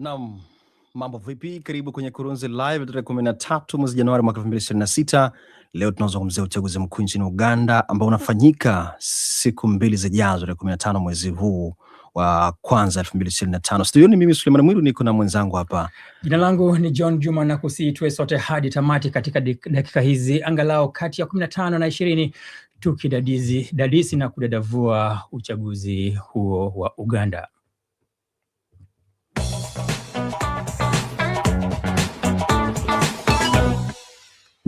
Naam, mambo vipi? Karibu kwenye Kurunzi Live tarehe kumi na tatu mwezi Januari mwaka elfu mbili ishirini na sita. Leo tunazungumzia uchaguzi mkuu nchini Uganda ambao unafanyika siku mbili zijazo, tarehe kumi na tano mwezi huu wa kwanza elfu mbili ishirini na tano. Studioni mimi Suleiman Mwiru niko na mwenzangu hapa, jina langu ni John Juma, na kusiitwe sote hadi tamati katika dakika hizi angalau kati ya kumi na tano na ishirini tukidadisi dadisi na kudadavua uchaguzi huo wa Uganda.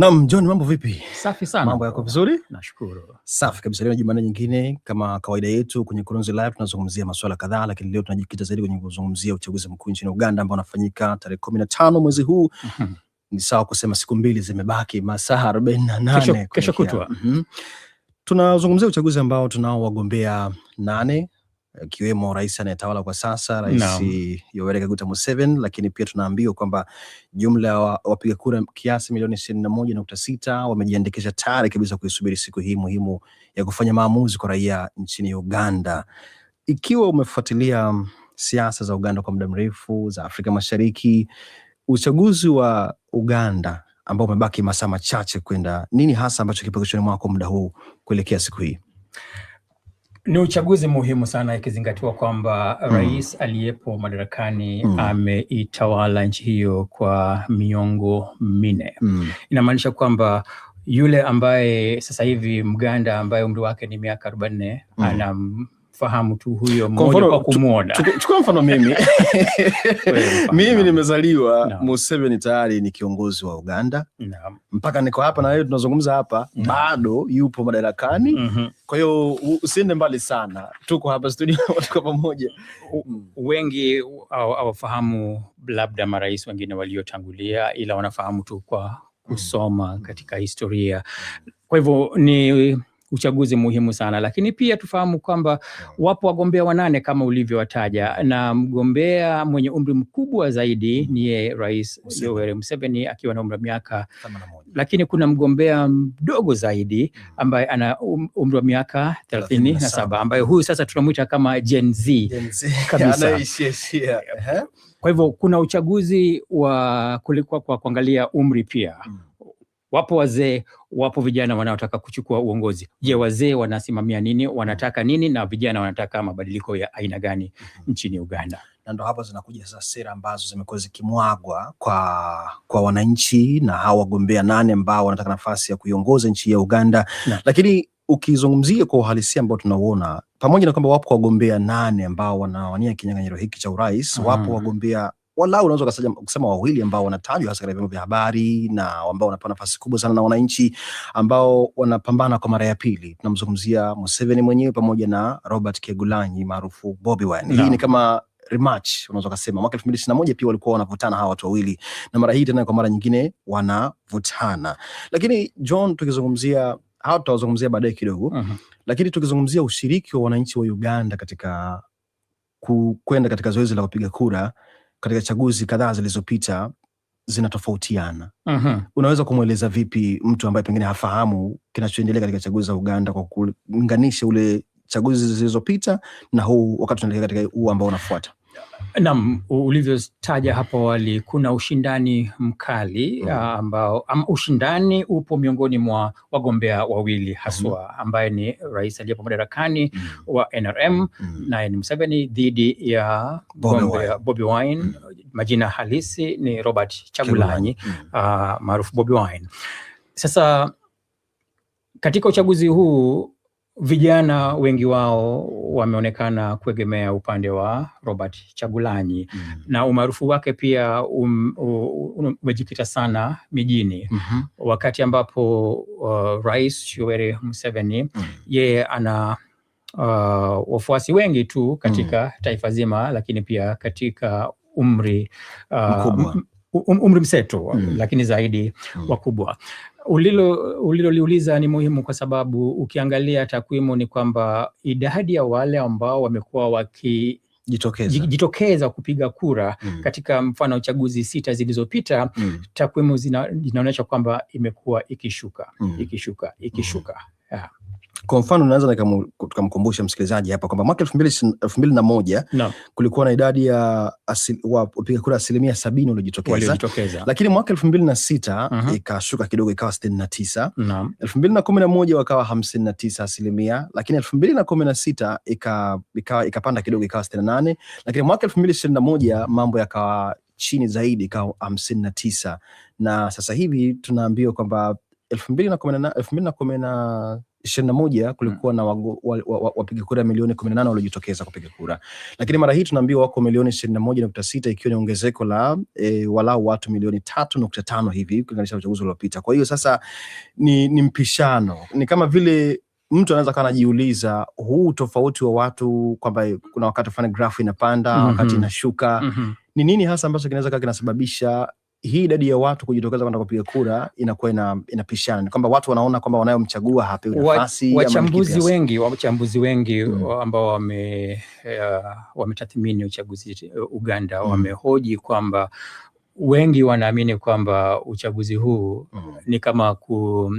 Naam, John, mambo vipi? Safi sana. Mambo yako vizuri? Nashukuru. Safi kabisa. Leo Jumanne nyingine kama kawaida yetu kwenye Kurunzi Live tunazungumzia masuala kadhaa, lakini leo tunajikita zaidi kwenye kuzungumzia uchaguzi mkuu nchini Uganda ambao unafanyika tarehe kumi na tano mwezi huu mhm. ni sawa kusema siku mbili zimebaki, masaa arobaini na nane kesho kutwa. mm -hmm. Tunazungumzia uchaguzi ambao tunao wagombea nane akiwemo rais anayetawala kwa sasa Rais Yoweri Kaguta Museveni. Lakini pia tunaambiwa kwamba jumla ya wapiga kura kiasi milioni ishirini na moja nukta sita wamejiandikisha tayari kabisa kuisubiri siku hii muhimu ya kufanya maamuzi kwa raia nchini Uganda. Ikiwa umefuatilia mm, siasa za Uganda kwa muda mrefu za Afrika Mashariki, uchaguzi wa Uganda ambao umebaki masaa machache kwenda, nini hasa ambacho kipo kichwani mwako muda huu kuelekea siku hii? Ni uchaguzi muhimu sana ikizingatiwa kwamba mm. rais aliyepo madarakani mm. ameitawala nchi hiyo kwa miongo minne mm. inamaanisha kwamba yule ambaye sasa hivi Mganda ambaye umri wake ni miaka arobaini mm. ana kumfahamu tu huyo mmoja kwa kumwona. Chukua mfano mimi mimi nimezaliwa no. Museveni tayari ni kiongozi wa Uganda no. mpaka niko hapa na wewe tunazungumza hapa no. bado yupo madarakani mm -hmm. kwa hiyo usiende mbali sana, tuko hapa studio tuko pamoja. Mm. Wengi hawafahamu labda marais wengine waliotangulia, ila wanafahamu tu kwa kusoma katika historia. Kwa hivyo ni uchaguzi muhimu sana, lakini pia tufahamu kwamba wapo wagombea wanane kama ulivyowataja, na mgombea mwenye umri mkubwa zaidi mm-hmm. ni Rais Yoweri Museveni akiwa na umri wa miaka lakini kuna mgombea mdogo zaidi mm-hmm. ambaye ana um-, umri wa miaka 37 ambaye huyu sasa tunamwita kama Gen Z kabisa. Kwa hivyo kuna uchaguzi wa kulikuwa kwa kuangalia umri pia mm. Wapo wazee, wapo vijana wanaotaka kuchukua uongozi. Je, wazee wanasimamia nini? Wanataka nini? Na vijana wanataka mabadiliko ya aina gani mhm. nchini Uganda? Na ndo hapo zinakuja sasa sera ambazo zimekuwa zikimwagwa kwa kwa wananchi na hawa wagombea nane ambao wanataka nafasi ya kuiongoza nchi ya Uganda na. Lakini ukizungumzia kwa uhalisia ambao tunauona, pamoja na kwamba wapo wagombea nane ambao wanawania kinyang'anyiro hiki cha urais, mhm. wapo wagombea walau unaweza kusema wawili ambao wanatajwa hasa katika vyombo vya habari na ambao wanapewa nafasi kubwa sana na wananchi ambao wanapambana kwa mara ya pili. Tunamzungumzia Museveni mwenyewe pamoja na Robert Kegulanyi maarufu Bobi Wine. Hii ni kama rematch unaweza kusema. Mwaka 2021 pia walikuwa wanavutana hawa watu wawili, na mara hii tena kwa mara nyingine wanavutana. Lakini John, tukizungumzia hawa tutawazungumzia baadaye kidogo mm -hmm. Lakini tukizungumzia ushiriki wa wananchi wa Uganda katika kwenda katika zoezi la kupiga kura katika chaguzi kadhaa zilizopita zinatofautiana. uh-huh. Unaweza kumweleza vipi mtu ambaye pengine hafahamu kinachoendelea katika chaguzi za Uganda kwa kulinganisha ule chaguzi zilizopita na huu wakati unaelekea katika huu ambao unafuata? Naam, ulivyotaja hapo awali, kuna ushindani mkali mm-hmm. ah, ambao um, ushindani upo miongoni mwa wagombea wawili haswa, mm-hmm. ambaye ni rais aliyepo madarakani mm. wa NRM mm. naye ni Museveni dhidi ya Bobi Wine mm. majina halisi ni Robert Chagulanyi mm. uh, maarufu Bobi Wine. Sasa katika uchaguzi huu Vijana wengi wao wameonekana kuegemea upande wa Robert Chagulanyi mm -hmm. na umaarufu wake pia um, um, umejikita sana mijini mm -hmm. wakati ambapo uh, Rais Yoweri Museveni mm -hmm. yeye ana uh, wafuasi wengi tu katika mm -hmm. taifa zima, lakini pia katika umri uh, um, umri mseto mm -hmm. lakini zaidi mm -hmm. wakubwa ulilo uliloliuliza ni muhimu kwa sababu ukiangalia takwimu ni kwamba idadi ya wale ambao wamekuwa waki Jitokeza. jitokeza kupiga kura mm. katika mfano uchaguzi sita zilizopita mm. takwimu zinaonyesha kwamba imekuwa ikishuka mm. ikishuka ikishuka mm. yeah. Kwa mfano unaweza tukamkumbusha msikilizaji hapa kwamba mwaka elfu mbili na moja no. kulikuwa na idadi ya wapiga kura asilimia sabini waliojitokeza, lakini mwaka elfu mbili na sita uh -huh. ikashuka kidogo ikawa sitini na tisa elfu mbili na kumi na moja wakawa hamsini na tisa asilimia, lakini elfu mbili na kumi na sita ikapanda kidogo ikawa sitini na nane lakini mwaka elfu mbili ishirini na moja mambo yakawa chini zaidi ikawa hamsini na tisa na sasa hivi tunaambiwa kwamba elfu mbili na kumi na ishirini na moja kulikuwa mm. na wapiga kura milioni kumi na nane waliojitokeza kupiga kura, lakini mara hii tunaambiwa wako milioni ishirini na moja nukta sita ikiwa ni ongezeko la e, walau watu milioni tatu nukta tano hivi kulinganisha uchaguzi uliopita. Kwa hiyo sasa ni, ni mpishano, ni kama vile mtu anaweza kawa anajiuliza huu tofauti wa watu kwamba kuna wakati fulani grafu inapanda, mm -hmm. wakati mhm. inashuka mm -hmm. ni nini hasa ambacho kinaweza kaa kinasababisha hii idadi ya watu kujitokeza kwenda kupiga kura inakuwa inapishana, ni kwamba watu wanaona kwamba wanayomchagua hapewi nafasi. Wachambuzi wengi wachambuzi wengi mm, ambao wame uh, wametathmini uchaguzi eh, Uganda mm, wamehoji kwamba wengi wanaamini kwamba uchaguzi huu mm, ni kama ku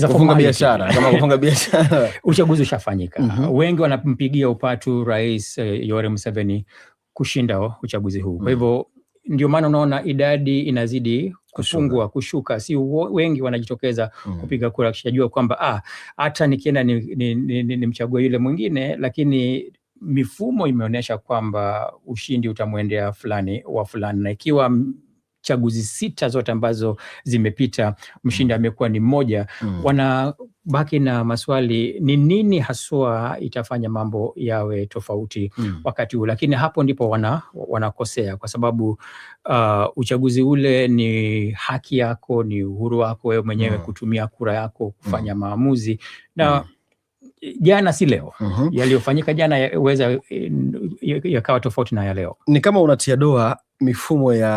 kufunga biashara kama kufunga biashara uchaguzi ushafanyika. mm -hmm. Wengi wanampigia upatu Rais eh, Yoweri Museveni kushinda uchaguzi huu, kwa mm. hivyo ndio maana unaona idadi inazidi kupungua kushuka, si wengi wanajitokeza mm. kupiga kura, kishajua kwamba ah, hata nikienda nimchague ni, ni, ni yule mwingine, lakini mifumo imeonyesha kwamba ushindi utamwendea fulani wa fulani, na ikiwa chaguzi sita zote ambazo zimepita mshindi mm. amekuwa ni mmoja mm. wana baki na maswali, ni nini haswa itafanya mambo yawe tofauti mm. wakati huu, lakini hapo ndipo wana, wanakosea kwa sababu uh, uchaguzi ule ni haki yako, ni uhuru wako wewe mwenyewe mm. kutumia kura yako hmm. kufanya mm. maamuzi na mm jana si leo. mm -hmm. Yaliyofanyika jana yaweza eh, yakawa tofauti na ya leo. Ni kama unatia doa mifumo ya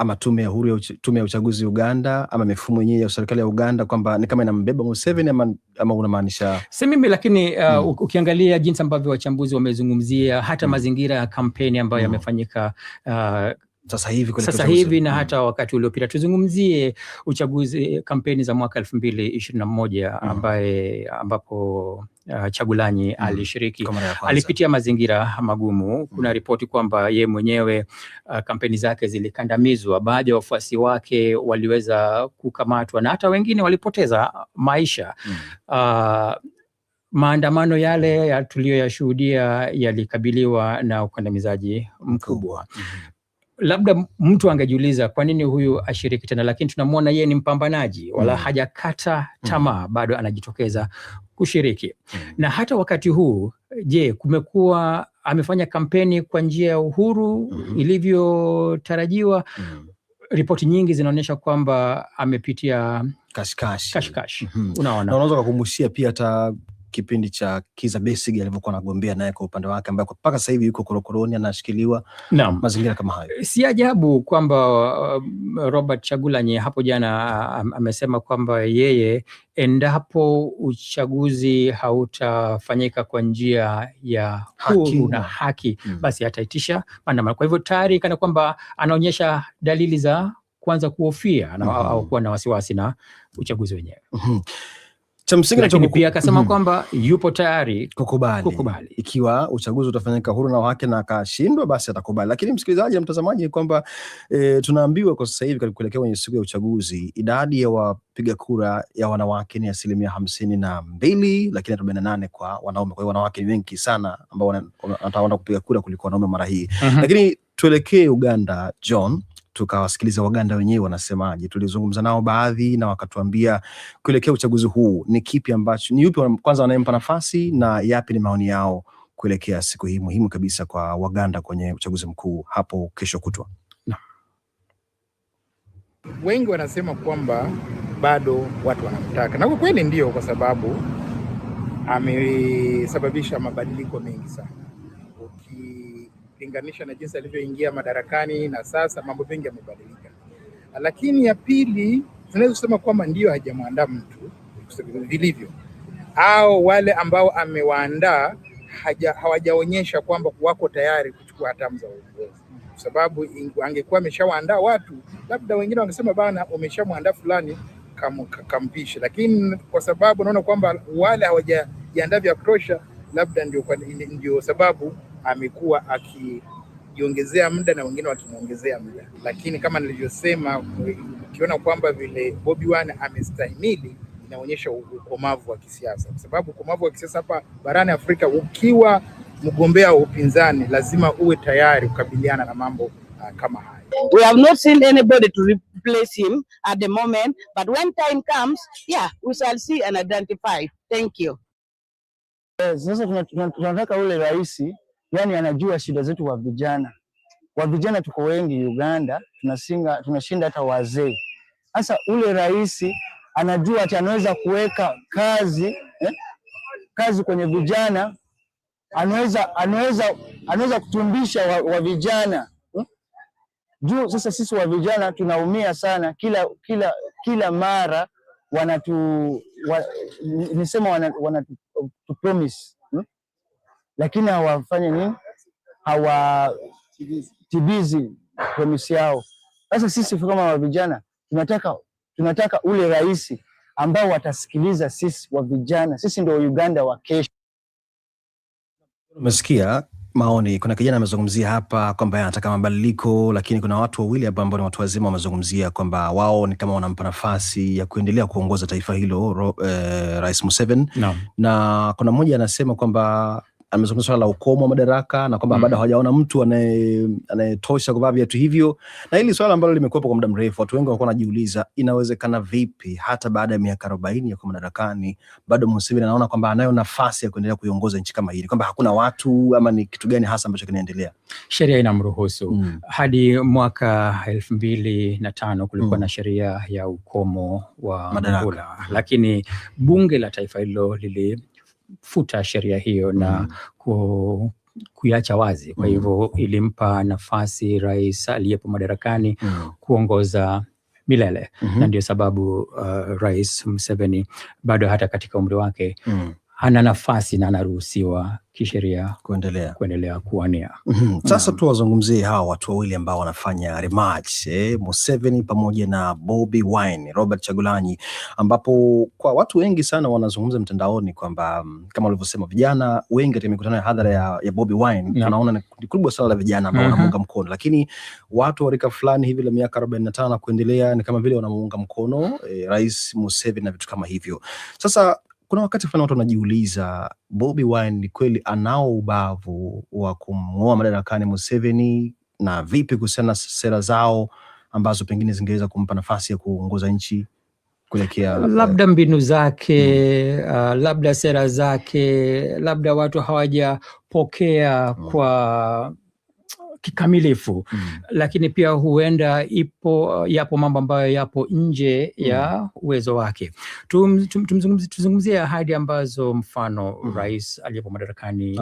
ama tume ya huru ya uch tume ya uchaguzi Uganda ama mifumo yenyewe ya serikali ya Uganda kwamba ni kama inambeba Museveni ama, ama unamaanisha si mimi lakini uh, mm. Ukiangalia jinsi ambavyo wachambuzi wamezungumzia hata mm. mazingira ya kampeni ambayo mm. yamefanyika uh, sasa hivi sasa hivi na mm. hata wakati uliopita. Tuzungumzie uchaguzi, kampeni za mwaka elfu mbili ishirini na moja mm. ambaye ambapo Uh, Chagulanyi mm -hmm. alishiriki, alipitia mazingira magumu. Mm. Kuna ripoti kwamba ye mwenyewe uh, kampeni zake zilikandamizwa, baadhi ya wafuasi wake waliweza kukamatwa na hata wengine walipoteza maisha mm -hmm. uh, maandamano yale tuliyoyashuhudia yalikabiliwa na ukandamizaji mkubwa mm -hmm labda mtu angejiuliza kwa nini huyu ashiriki tena, lakini tunamwona yeye ni mpambanaji wala mm. hajakata mm. tamaa mm. bado anajitokeza kushiriki mm. na hata wakati huu, je, kumekuwa amefanya kampeni kwa njia ya uhuru mm -hmm. ilivyotarajiwa? mm. Ripoti nyingi zinaonyesha kwamba amepitia kashikashi kashikashi. mm -hmm. Unaona, unaweza kukumbushia pia hata kipindi cha Kiza Besige alivyokuwa anagombea naye kwa upande wake, ambaye mpaka sasa hivi yuko korokoroni anashikiliwa. Naam, mazingira kama hayo, si ajabu kwamba uh, Robert Chagulanyi hapo jana uh, amesema kwamba yeye endapo uchaguzi hautafanyika kwa njia ya huru na haki mm, basi ataitisha maandamano. Kwa hivyo tayari kana kwamba anaonyesha dalili za kuanza kuhofia hmm. au kuwa na wasiwasi na uchaguzi wenyewe. Hmm cha msingi lakini pia akasema mhm. kwamba yupo tayari kukubali, kukubali ikiwa uchaguzi utafanyika huru na haki na akashindwa basi atakubali. Lakini msikilizaji na mtazamaji, kwamba e, tunaambiwa kwa sasa hivi kuelekea kwenye siku ya uchaguzi idadi ya wapiga kura ya wanawake ni asilimia hamsini na mbili lakini arobaini na nane kwa wanaume. Kwa hiyo wanawake ni wengi sana ambao wanataenda kupiga kura kuliko wanaume mara hii. Mhm. Lakini tuelekee Uganda John tukawasikiliza Waganda wenyewe wanasemaje. Tulizungumza nao baadhi na wakatuambia kuelekea uchaguzi huu ni kipi ambacho ni yupi kwanza wanayempa nafasi na yapi ni maoni yao kuelekea siku hii muhimu kabisa kwa Waganda kwenye uchaguzi mkuu hapo kesho kutwa. Wengi wanasema kwamba bado watu wanamtaka, na kwa kweli ndio, kwa sababu amesababisha mabadiliko mengi sana ukilinganisha na jinsi alivyoingia madarakani na sasa, mambo mengi yamebadilika. Lakini ya pili, tunaweza kwamba ndiyo hajamwandaa mtu vilivyo, au wale ambao amewaandaa hawajaonyesha kwamba wako tayari kuchukua hatamu za uongozi, kwa sababu angekuwa ameshawaandaa watu, labda wengine wangesema bana, umeshamwandaa fulani kam, Lakini kwa sababu naona kwamba wale hawajajiandaa vya kutosha, labda ndio, ndio sababu amekuwa akijiongezea muda na wengine wakimwongezea muda, lakini kama nilivyosema, ukiona kwamba vile Bobi Wine amestahimili inaonyesha ukomavu wa kisiasa, kwa sababu ukomavu wa kisiasa hapa barani Afrika, ukiwa mgombea wa upinzani lazima uwe tayari kukabiliana na mambo uh, kama haya. We have not seen anybody to replace him at the moment, but when time comes, yeah, we shall see and identify. Thank you. Eh, sasa tunataka ule rais yani anajua shida zetu wa vijana. Wa vijana tuko wengi Uganda, tunasinga tunashinda hata wazee. Sasa ule rais anajua ati anaweza kuweka kazi eh, kazi kwenye vijana, anaweza anaweza anaweza kutumbisha wa, wa vijana hmm? Juu sasa sisi wa vijana tunaumia sana, kila kila kila mara wanatu wa, nisema wanatu uh, promise lakini hawafanye nini, hawatibizi promisi yao. Sasa sisi kama vijana tunataka, tunataka ule rais ambao watasikiliza sisi wa vijana. Sisi ndio Uganda wa kesho. Umesikia maoni. Kuna kijana amezungumzia hapa kwamba anataka mabadiliko, lakini kuna watu wawili hapa ambao ni watu wazima wamezungumzia kwamba wao ni kama wanampa nafasi ya kuendelea kuongoza taifa hilo ro, eh, Rais Museveni no. na kuna mmoja anasema kwamba amezungumza swala la ukomo wa madaraka na kwamba mm. bado hawajaona mtu anayetosha kuvaa viatu hivyo, na hili swala ambalo limekuwepo kwa muda mrefu. Watu wengi wakuwa wanajiuliza inawezekana vipi hata baada ya miaka arobaini yakuwa madarakani bado Museveni anaona kwamba anayo nafasi ya kuendelea kuiongoza nchi kama hili, kwamba hakuna watu ama ni kitu gani hasa ambacho kinaendelea? Sheria inamruhusu mm. hadi mwaka elfu mbili na tano kulikuwa mm. na sheria ya ukomo wa madaraka, lakini bunge la taifa hilo lili kufuta sheria hiyo mm. na mm-hmm. ku, kuiacha wazi. Kwa mm-hmm. hivyo mm. ilimpa nafasi rais aliyepo madarakani mm. kuongoza milele mm -hmm. na ndio sababu uh, Rais Museveni bado hata katika umri wake mm ana nafasi na anaruhusiwa kisheria kuendelea kuendelea kuwania. mm -hmm. Sasa tuwazungumzie tu wazungumzie hawa watu wawili ambao wanafanya rematch eh, Museveni pamoja na Bobi Wine, Robert Chagulanyi, ambapo kwa watu wengi sana wanazungumza mtandaoni kwamba mm, kama walivyosema vijana wengi katika mikutano ya hadhara ya, ya Bobi Wine wanaona ni kundi kubwa sana la vijana ambao mm -hmm. wanamuunga mkono, lakini watu wa rika fulani hivi la miaka arobaini na tano kuendelea ni kama vile wanamuunga mkono eh, Rais Museveni na vitu kama hivyo. Sasa kuna wakati fulani watu wanajiuliza Bobi Wine ni kweli anao ubavu wa kumng'oa madarakani Museveni, na vipi kuhusiana na sera zao ambazo pengine zingeweza kumpa nafasi ya kuongoza nchi kuelekea eh, labda mbinu zake mm. uh, labda sera zake, labda watu hawajapokea mm. kwa kikamilifu mm. Lakini pia huenda ipo yapo mambo ambayo yapo nje mm. ya uwezo wake. Tum, tum, tuzungumzie ahadi ambazo mfano mm. rais aliyepo madarakani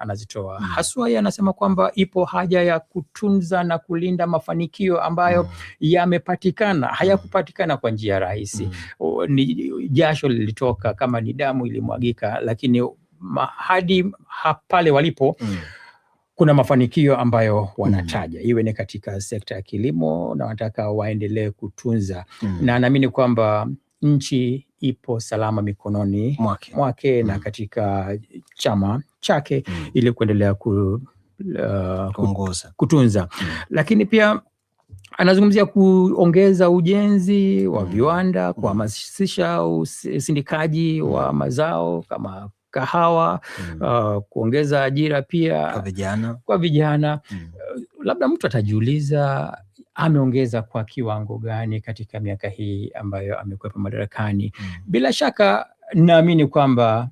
anazitoa, Mm. Haswa yeye anasema kwamba ipo haja ya kutunza na kulinda mafanikio ambayo mm. yamepatikana mm. hayakupatikana kwa njia rahisi mm. ni jasho lilitoka kama ni damu ilimwagika, lakini hadi pale walipo mm kuna mafanikio ambayo wanataja mm. iwe ni katika sekta ya kilimo na wanataka waendelee kutunza mm. na naamini kwamba nchi ipo salama mikononi mwake, mwake mm. na katika chama chake mm. ili kuendelea ku, uh, kutunza mm. lakini pia anazungumzia kuongeza ujenzi wa mm. viwanda, mm. kuhamasisha usindikaji wa mm. mazao kama kahawa mm. uh, kuongeza ajira pia kwa vijana, kwa vijana. Mm. Uh, labda mtu atajiuliza ameongeza kwa kiwango gani katika miaka hii ambayo amekuwepo madarakani mm. Bila shaka naamini kwamba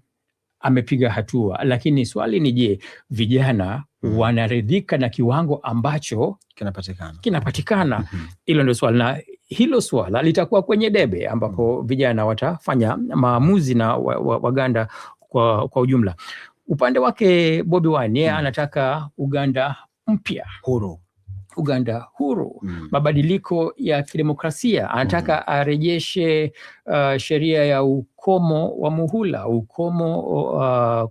amepiga hatua, lakini swali ni je, vijana mm. wanaridhika na kiwango ambacho kinapatikana kinapatikana? mm hilo -hmm. ndio swali na hilo swala litakuwa kwenye debe ambapo mm. vijana watafanya maamuzi na Waganda kwa, kwa ujumla. Upande wake Bobi Wine yeye hmm. anataka Uganda mpya huru Uganda huru mm. mabadiliko ya kidemokrasia anataka mm. arejeshe uh, sheria ya ukomo wa muhula, ukomo uh,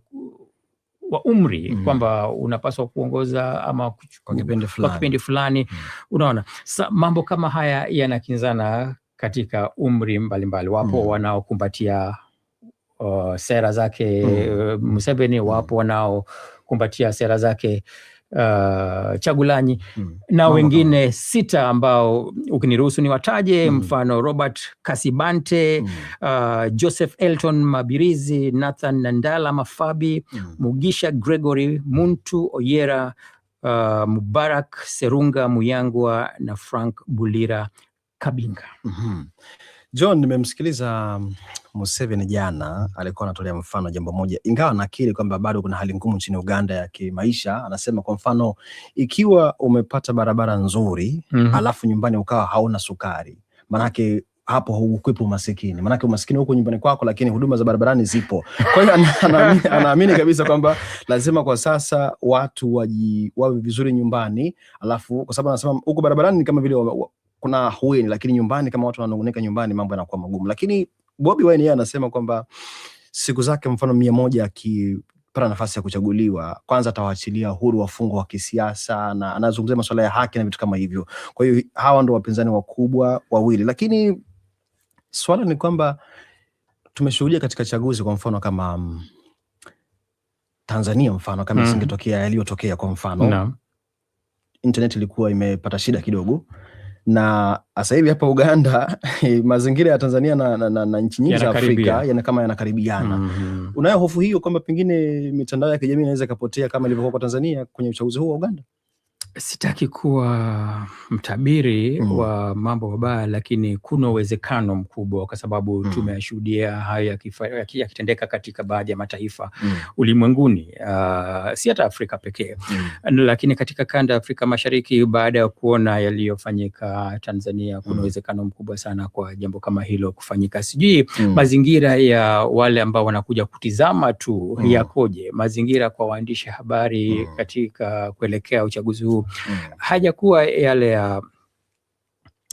wa umri mm. kwamba unapaswa kuongoza ama kwa kipindi fulani, fulani. Mm. Unaona sa, mambo kama haya yanakinzana katika umri mbalimbali mbali. Wapo mm. wanaokumbatia uh, sera zake mm. Uh, Museveni wapo mm. wanaokumbatia sera zake uh, Chagulanyi mm. na wengine sita ambao ukiniruhusu wataje mm. mfano Robert Kasibante mm. uh, Joseph Elton Mabirizi, Nathan Nandala Mafabi mm. Mugisha Gregory Muntu Oyera Uh, Mubarak Serunga Muyangwa na Frank Bulira Kabinga. mm -hmm. John, nimemsikiliza mm, Museveni jana, alikuwa anatolea mfano jambo moja, ingawa nakiri kwamba bado kuna hali ngumu nchini Uganda ya kimaisha. Anasema kwa mfano, ikiwa umepata barabara nzuri mm -hmm. alafu nyumbani ukawa hauna sukari, manake hapo hukwepo umasikini, manake umasikini huko nyumbani kwako, lakini huduma za barabarani zipo. Kwa hiyo anaamini, anaamini kabisa kwamba lazima kwa sasa watu waji wawe vizuri nyumbani, alafu kwa sababu anasema huko barabarani ni kama vile kuna hueni, lakini nyumbani kama watu wananungunika nyumbani, mambo yanakuwa magumu. Lakini Bobi Wine yeye anasema kwamba siku zake mfano mia moja akipata nafasi ya kuchaguliwa, kwanza atawaachilia huru wafungwa wa kisiasa na anazungumzia masuala ya haki na vitu kama hivyo. Kwa hiyo hawa ndo wapinzani wakubwa wawili, lakini swala ni kwamba tumeshuhudia katika chaguzi kwa mfano kama um, Tanzania mfano kama mm -hmm. isingetokea yaliyotokea, kwa mfano no. internet ilikuwa imepata shida kidogo na sasa hivi hapa Uganda eh, mazingira ya Tanzania na, na, na, na nchi nyingi za Afrika yana kama yanakaribiana. mm -hmm. Unayo hofu hiyo kwamba pengine mitandao ya kijamii inaweza ikapotea kama ilivyokuwa kwa Tanzania kwenye uchaguzi huu wa Uganda? Sitaki kuwa mtabiri Mm. wa mambo mabaya, lakini kuna uwezekano mkubwa kwa sababu Mm. tumeyashuhudia hayo yakitendeka katika baadhi ya mataifa Mm. ulimwenguni, uh, si hata Afrika pekee, Mm. lakini katika kanda ya Afrika Mashariki, baada ya kuona yaliyofanyika Tanzania, kuna Mm. uwezekano mkubwa sana kwa jambo kama hilo kufanyika. Sijui Mm. mazingira ya wale ambao wanakuja kutizama tu Mm. yakoje, mazingira kwa waandishi habari Mm. katika kuelekea uchaguzi huu mm. hajakuwa yale ya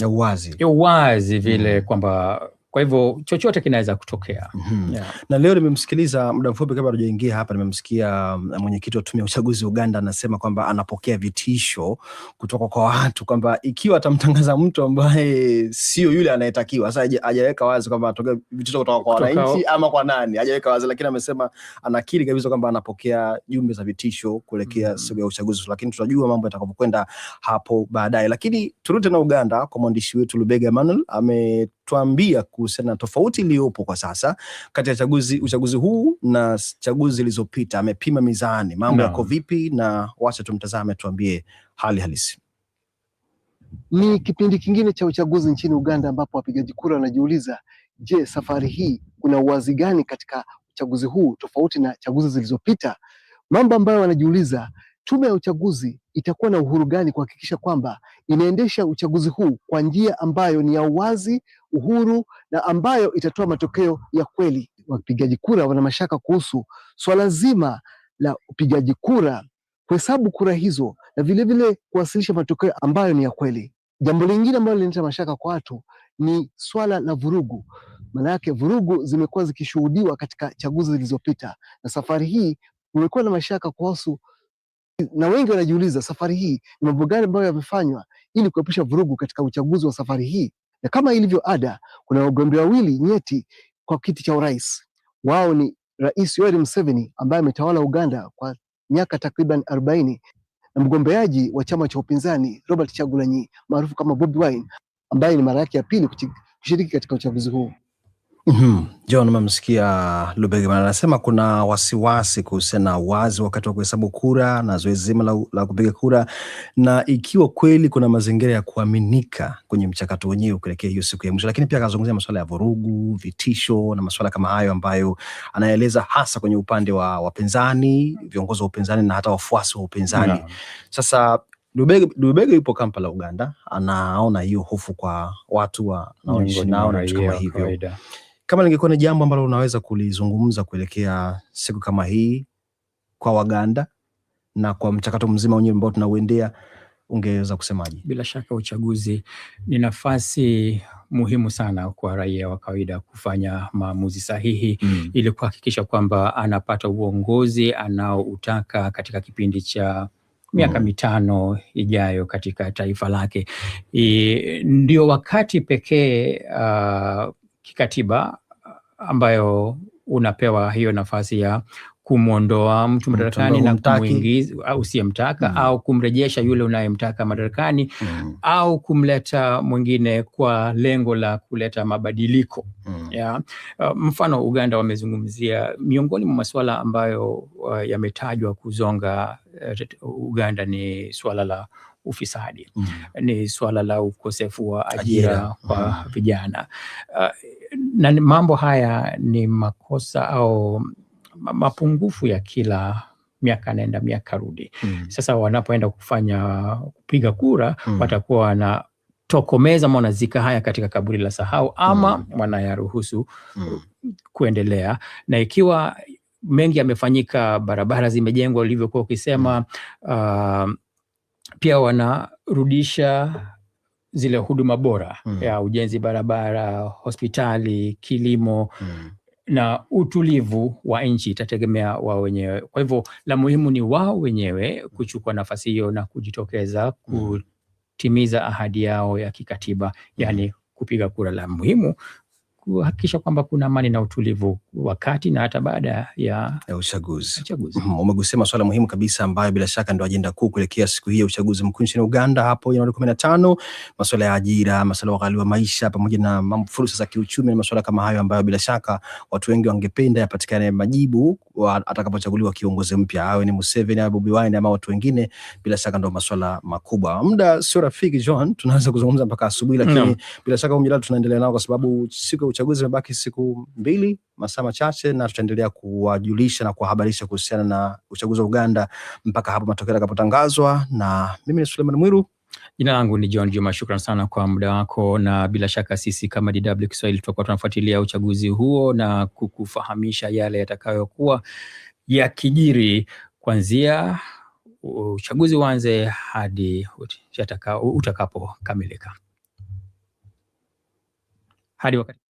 uwazi ya uwazi vile mm. kwamba kwa hivyo chochote kinaweza kutokea. mm -hmm. yeah. Na leo nimemsikiliza muda mfupi kabla hatujaingia hapa, nimemsikia uh, mwenyekiti wa tume ya uchaguzi Uganda anasema kwamba anapokea vitisho kutoka kwa watu kwamba ikiwa atamtangaza mtu ambaye sio yule anayetakiwa. Sasa hajaweka wazi kwamba anatokea vitisho kutoka kwa wananchi ama kwa nani, hajaweka wazi, lakini amesema anakiri kabisa kwamba anapokea jumbe za vitisho kuelekea mm -hmm. siku ya uchaguzi, lakini tutajua mambo yatakavyokwenda hapo baadaye. Lakini turudi tena Uganda kwa mwandishi wetu Lubega Emanuel ame kutuambia kuhusiana na tofauti iliyopo kwa sasa kati ya chaguzi, uchaguzi huu na chaguzi zilizopita. Amepima mizani, mambo yako vipi? Na wacha tumtazame, tuambie hali halisi. Ni kipindi kingine cha uchaguzi nchini Uganda ambapo wapigaji kura wanajiuliza, je, safari hii kuna uwazi gani katika uchaguzi huu tofauti na chaguzi zilizopita? Mambo ambayo wanajiuliza Tume ya uchaguzi itakuwa na uhuru gani kuhakikisha kwamba inaendesha uchaguzi huu kwa njia ambayo ni ya uwazi, uhuru na ambayo itatoa matokeo ya kweli? Wapigaji kura wana mashaka kuhusu swala zima la upigaji kura, kuhesabu kura hizo na vilevile kuwasilisha matokeo ambayo ni ya kweli. Jambo lingine ambalo linaleta mashaka kwa watu ni swala la vurugu. Maana yake vurugu zimekuwa zikishuhudiwa katika chaguzi zilizopita, na safari hii kumekuwa na mashaka kuhusu na wengi wanajiuliza safari hii ni mambo gani ambayo yamefanywa ili kuepusha vurugu katika uchaguzi wa safari hii. Na kama ilivyo ada, kuna wagombea wawili nyeti kwa kiti cha urais. Wao ni Rais Yoweri Museveni ambaye ametawala Uganda kwa miaka takriban arobaini na mgombeaji wa chama cha upinzani Robert Chagulanyi maarufu kama Bobi Wine ambaye ni mara yake ya pili kushiriki katika uchaguzi huu. Mhm. John umemsikia anasema kuna wasiwasi kuhusiana na wazi wakati wa kuhesabu kura na zoezi zima la, la kupiga kura na ikiwa kweli kuna mazingira ya kuaminika kwenye mchakato wenyewe kuelekea hiyo siku ya mwisho, lakini pia akazungumzia masuala ya vurugu, vitisho na masuala kama hayo ambayo anaeleza hasa kwenye upande wa wapinzani, viongozi wa upinzani na hata wafuasi wa upinzani yeah. Sasa Lubega yupo Kampala, Uganda, anaona hiyo hofu kwa watu wa naona kama hivyo kama lingekuwa ni jambo ambalo unaweza kulizungumza kuelekea siku kama hii kwa Waganda na kwa mchakato mzima wenyewe ambao tunauendea, ungeweza kusemaje? Bila shaka uchaguzi ni nafasi muhimu sana kwa raia wa kawaida kufanya maamuzi sahihi mm, ili kuhakikisha kwamba anapata uongozi anaoutaka katika kipindi cha miaka mm, mitano ijayo katika taifa lake. I, ndio wakati pekee uh, kikatiba ambayo unapewa hiyo nafasi ya kumwondoa mtu madarakani na kumuingiza au usiyemtaka mm. au kumrejesha yule unayemtaka madarakani mm. au kumleta mwingine kwa lengo la kuleta mabadiliko mm. ya. Uh, mfano, Uganda wamezungumzia miongoni mwa masuala ambayo uh, yametajwa kuzonga uh, Uganda ni suala la ufisadi mm. ni suala la ukosefu wa ajira, ajira kwa mm. vijana uh, na mambo haya ni makosa au mapungufu ya kila miaka anaenda miaka rudi. Mm. Sasa wanapoenda kufanya kupiga kura mm. watakuwa wana tokomeza mwanazika haya katika kaburi la sahau ama mm. wanayaruhusu mm. kuendelea, na ikiwa mengi yamefanyika, barabara zimejengwa ulivyokuwa ukisema mm. uh, pia wanarudisha zile huduma bora mm. ya ujenzi barabara, hospitali, kilimo mm na utulivu wa nchi itategemea wao wenyewe. Kwa hivyo la muhimu ni wao wenyewe kuchukua nafasi hiyo na kujitokeza hmm. kutimiza ahadi yao ya kikatiba, yani kupiga kura. La muhimu kuhakikisha kwamba kuna amani na utulivu wakati na hata baada ya ya uchaguzi. Uchaguzi. Mm, umegusia masuala muhimu kabisa ambayo bila shaka ndio ajenda kuu kuelekea siku hii ya uchaguzi mkuu nchini Uganda hapo Januari kumi na tano, masuala ya ajira, masuala ya ughali wa maisha pamoja na fursa za kiuchumi na masuala kama hayo ambayo bila shaka watu wengi wangependa yapatikane majibu atakapochaguliwa kiongozi mpya, awe ni Museveni au Bobi Wine ama watu wengine, bila shaka ndio masuala makubwa. Muda sio rafiki John, tunaweza kuzungumza mpaka asubuhi, lakini no. bila shaka mjadala tunaendelea nao kwa sababu siku uchaguzi umebaki siku mbili, masaa machache, na tutaendelea kuwajulisha na kuwahabarisha kuhusiana na uchaguzi wa Uganda mpaka hapo matokeo yatakapotangazwa. Na mimi ni Suleiman Mwiru. Jina langu ni John Juma, shukran sana kwa muda wako, na bila shaka sisi kama DW Kiswahili tutakuwa tunafuatilia uchaguzi huo na kukufahamisha yale yatakayokuwa yakijiri kuanzia uchaguzi uanze hadi utakapokamilika. Hadi wakati